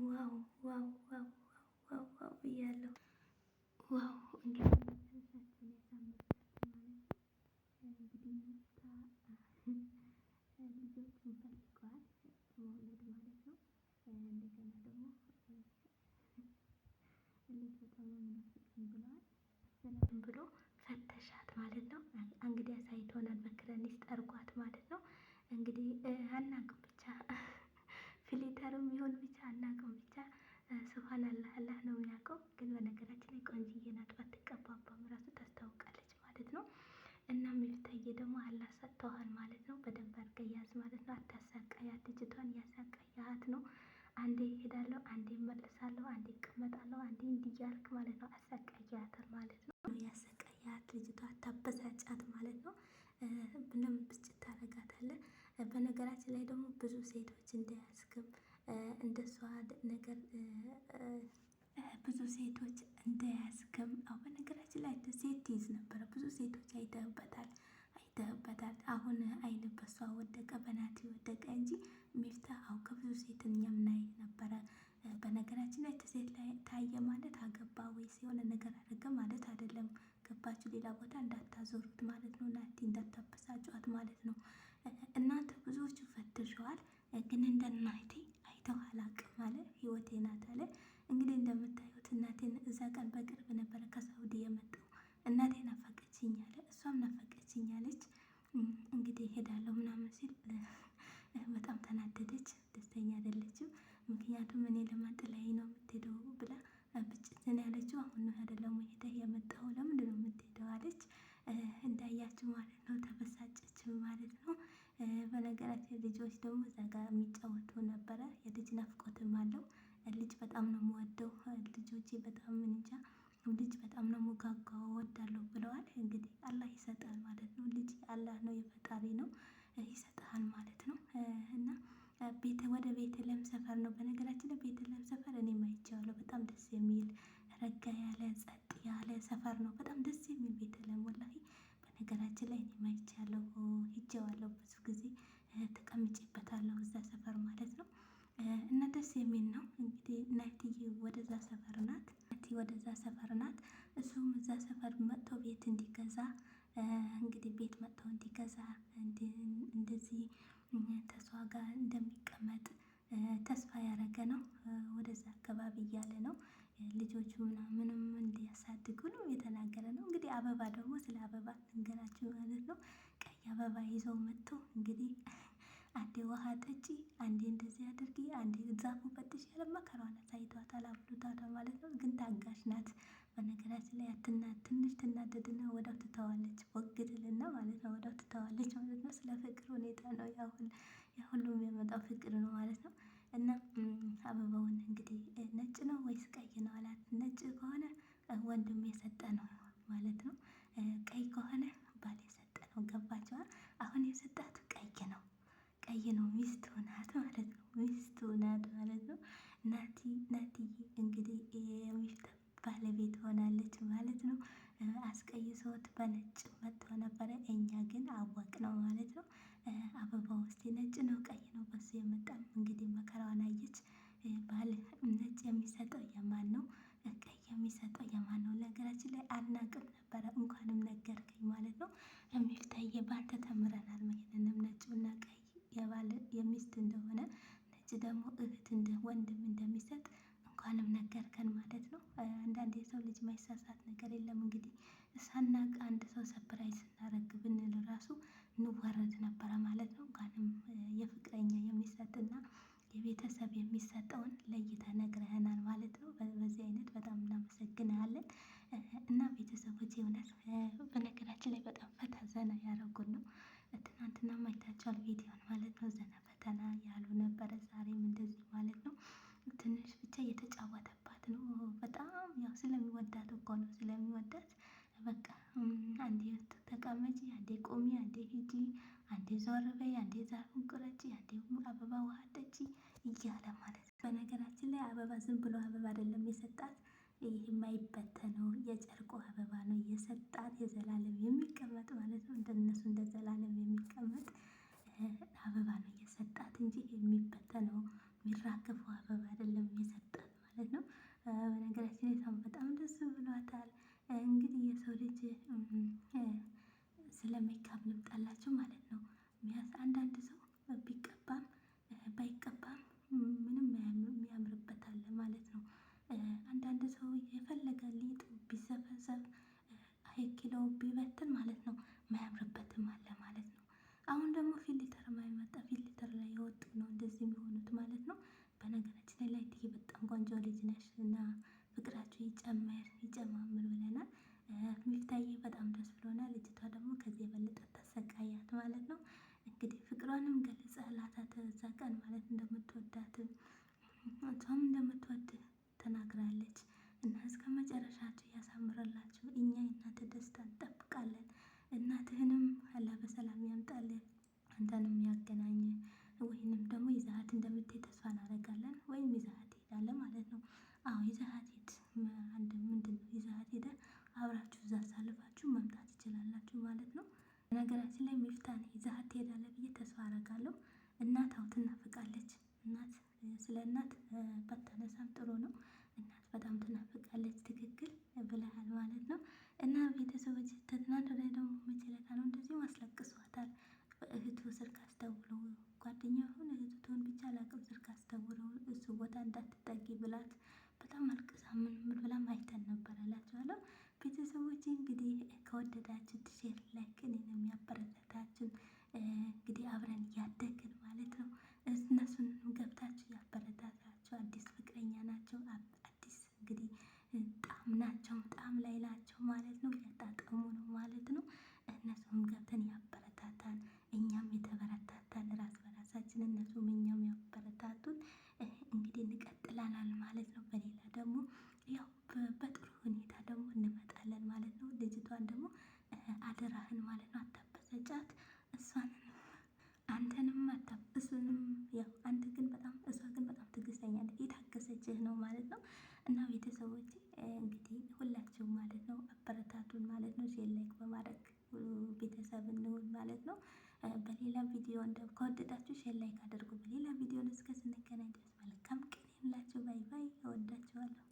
ዋው ዋው ዋው ዋው ዋው ብያለሁ። ዋው እንግዲህ ጥርሳችን ያሳምርበት ማለት እንግዲህ ልጆች እንፈልገዋል መውለድ ማለት ነው። እንደገና ደግሞ ልጅ በጣም ነው የሚናፍቀኝ ብለዋል። ሰላም ብሎ ሰውዬ ደግሞ አላህ ሰጥተዋል ማለት ነው። በደንብ አድርገህ ያዝ ማለት ነው። አታሳቀያት ልጅቷን እያሳቀያት ነው። አንዴ ይሄዳለሁ፣ አንዴ እመልሳለሁ፣ አንዴ ይቀመጣለሁ፣ አንዴ እንዲያልክ ማለት ነው። አሳቀያት ማለት ነው። ያሳቀያት ልጅቷ አታበሳጫት ማለት ነው። ምንም ብስጭት ታደርጋታለህ። በነገራችን ላይ ደግሞ ብዙ ሴቶች እንዳያስክም እንደሷ ነገር ብዙ ሴቶች እንደያዝክም። አሁን በነገራችን ላይ ሴት ትይዝ ነበረ። ብዙ ሴቶች አይተህበታል። ይደህበታል። አሁን አይን በሷ ወደቀ፣ በናቲ ወደቀ እንጂ ሚፍታ አው ከብዙ ሴት የምናይ ነበረ። በነገራችን ላይ ሴት ታየ ማለት አገባ ወይስ የሆነ ነገር አደረገ ማለት አይደለም። ገባችሁ? ሌላ ቦታ እንዳታዞሩት ማለት ነው። ናቲ እንዳታበሳጫት ማለት ነው። እናንተ ብዙዎች ፈትሸዋል፣ ግን እንደ እናቴ አይተው አላቅም ማለት ህይወቴ ናት አለ። እንግዲህ እንደምታዩት እናቴን እዛ ቀን በቅርብ ነበረ ከሳውዲ የመጣው እናቴ ናፈቀችኝ አለ፣ እሷም ናፈቀችኝ አለች። እንግዲህ ሄዳለሁ ምናምን ሲል በጣም ተናደደች፣ ደስተኛ አይደለችም። ምክንያቱም እኔ ለማን ጥላዬ ነው የምትሄደው ብላ ብጭትን ያለችው አሁን አይደለም ሄደህ የመጣኸው ለምንድን ነው የምትሄደው አለች። እንዳያችሁ ማለት ነው ተበሳጨች ማለት ነው። በነገራችን ልጆች ደግሞ እዛ ጋር የሚጫወቱ ነበረ። የልጅ ናፍቆትም አለው። ልጅ በጣም ነው የምወደው። ልጆቼ በጣም እንጃ ልጅ በጣም ነው የምጓጓው እወዳለሁ ብለዋል። እንግዲህ አላህ ይሰጣል ማለት ነው። ልጅ አላህ ነው የፈጣሪ ነው ይሰጥሃል ማለት ነው። እና ቤተ ወደ ለም ሰፈር ነው በነገራችን ላይ ለም ሰፈር እኔ አይቼዋለሁ። በጣም ደስ የሚል ረጋ ያለ ጸጥ ያለ ሰፈር ነው። በጣም ደስ የሚል ለም ወላሂ በነገራችን ላይ እኔም አይቼዋለሁ ብዙ ጊዜ ተቀምጬበታለሁ እዛ ሰፈር ማለት ነው። እና ደስ የሚል ነው እንግዲህ እናትዬ ወደዛ ሰፈር ናት። እህት ወደዛ ሰፈር ናት። እሱም እዛ ሰፈር መጥቶ ቤት እንዲገዛ እንግዲህ ቤት መጥቶ እንዲገዛ እንደዚህ ተስፋ ጋር እንደሚቀመጥ ተስፋ ያደረገ ነው። ወደዛ አካባቢ እያለ ነው ልጆቹ ምናምንም እንዲያሳድጉ ነው የተናገረ ነው። እንግዲህ አበባ ደግሞ ስለ አበባ ልንገራችሁ ማለት ነው። ቀይ አበባ ይዘው መጥቶ እንግዲህ አንዴ ውሃ ጠጪ፣ አንዴ እንደዚህ አድርጊ፣ አንዴ ዛፉን ፈትሽ ያለ መከራዋን አሳይቷታል፣ አብሎታታል ማለት ነው። ግን ታጋሽ ናት። በነገራችን ላይ አትና ትንሽ ትናደድና ወዳው ትተዋለች። ወግድልና ማለት ነው ወዳው ትተዋለች ማለት ነው። ስለ ፍቅር ሁኔታ ነው ያሁን የሁሉም የመጣው ፍቅር ነው ማለት ነው። እና አበባውን እንግዲህ ነጭ ነው ወይስ ቀይ ነው አላት። ነጭ ከሆነ ወንድም የሰጠ ነው ሰዎት በነጭ መጥተው ነበረ። እኛ ግን አወቅ ነው ማለት ነው። አበባ ውስጥ ነጭ ነው ቀይ ነው በሱ የመጣ ነው። እንግዲህ መከራዋን አየች። ባል ነጭ የሚሰጠው የማን ነው? ቀይ የሚሰጠው የማን ነው? ነገራችን ላይ አናቅም ነበረ። እንኳንም ነገርከኝ ማለት ነው። የሚፍታዬ ባንተ ተምረናል። ይህንንም እና ቀይ የባል የሚስት እንደሆነ ነጭ ደግሞ እህት ወንድም እንደሚሰጥ እንኳንም ነገርከን ማለት ነው። አንዳንድ የሰው ልጅ ማይሳሳት ነገር የለም። እንግዲህ ሳናቅ አንድ ሰው ሰፕራይዝ ስናደርግ ብንል ራሱ እንዋረድ ነበረ ማለት ነው። እንኳንም የፍቅረኛ የሚሰጥና የቤተሰብ የሚሰጠውን ለይተህ ነግረኸናል ማለት ነው። በዚህ አይነት በጣም እናመሰግናለን እና ቤተሰቦች የእውነት በነገራችን ላይ በጣም ፈታ ዘና ያደረጉን ነው። ትናንትና ማይታቸዋል ቪዲዮን ማለት ነው። ዘና ፈተና ያሉ ነበረ ዛሬም እንደዚህ ማለት ነው። አንዴ ዞር በይ፣ አንዴ ዛፉን ቁረጪ፣ አንዴ አበባ ውሃ ጠጪ እያለ ማለት ነው። በነገራችን ላይ አበባ ዝም ብሎ አበባ አይደለም የሰጣት ይህ የማይበተነው የጨርቆ አበባ ነው የሰጣት የዘላለም የሚቀመጥ ማለት ነው። እንደነሱ እንደ ዘላለም ታውቃላችሁ ማለት ነው። አንዳንድ ሰው ቢቀባም ባይቀባም ምንም የሚያምርበት አለ ማለት ነው። አንዳንድ ሰው የፈለገ ሊጥ ቢሰበሰብ ኪሎው ቢበትን ማለት ነው ማያምርበትም አለ ማለት ነው። አሁን ደግሞ ፊልተር ማይመጣ ፊልተር ላይ የወጡ ነው እንደዚህ የሚሆኑት ማለት ነው። በነገ ማለት ነው። እንግዲህ ፍቅሯንም ገለጸላት እዛ ቀን ማለት እንደምትወዳት እሷም እንደምትወድ ተናግራለች። እና እስከ መጨረሻችሁ ያሳምረላችሁ። እኛ የእናንተ ደስታ እንጠብቃለን። እናትህንም አላ በሰላም ያምጣልን፣ አንተንም ያገናኝ፣ ወይንም ደግሞ ይዛሀት እንደምትሄድ ተስፋ እናደርጋለን። ወይም ይዛሀት ይሄዳለ ማለት ነው። አዎ ይዛሀት ሄድ አንድ ምንድን ነው ይዛሀት ሄደ አብራችሁ እዛ አሳልፋችሁ መምጣት ትችላላችሁ ማለት ነው። በነገራችን ላይ ሚፍታን ይዛሀት ትሄዳለህ ብዬ ተስፋ አደርጋለሁ። እናት አዎ ትናፍቃለች። እናት ስለ እናት ባታነሳም ጥሩ ነው። እናት በጣም ትናፍቃለች ትክክል ብለሃል ማለት ነው። እና ቤተሰቦች ከትናንት ወዲያ ደግሞ ምን ችሎታ ነው እንደዚሁ አስለቅሷታል። እህቱ ስልክ አስደውሎ ጓደኛው ይሁን እህቱ ትሁን ብቻ አላውቅም ስልክ አስደውሎ እሱ ቦታ እንዳትጠጊ ብላት በጣም አልቅሳ ምን ብላም አይተን ነበር እላችኋለሁ ቤተሰቦች እንግዲህ ከወደዳችሁ ሼር ላይክን የሚያበረታታችሁ እንግዲህ አብረን እያደግን ማለት ነው። እነሱን ገብታችሁ ያበረታታችሁ አዲስ ፍቅረኛ ናቸው፣ አዲስ እንግዲህ ጣም ናቸው፣ ጣም ላይ ናቸው ማለት ነው። ደግሞ እንመጣለን ማለት ነው። ልጅቷን ደግሞ አደራህን ማለት ነው አታበሳጫት። እሷን አንተንም አታብ እሱንም ያው አንተ ግን በጣም እሷ ግን በጣም ትዕግስተኛ የታገሰችህ ነው ማለት ነው። እና ቤተሰቦች እንግዲህ ሁላችሁም ማለት ነው አበረታቱን ማለት ነው። ሼር ላይክ በማድረግ ቤተሰብ እንሆን ማለት ነው። በሌላ ቪዲዮ እንደው ከወደዳችሁ ሼር ላይክ አድርጉ። በሌላ ቪዲዮ እስከ ስንገናኝ ድረስ መልካም ቀን ይሁንላችሁ። ባይ ባይ። እወዳችኋለሁ።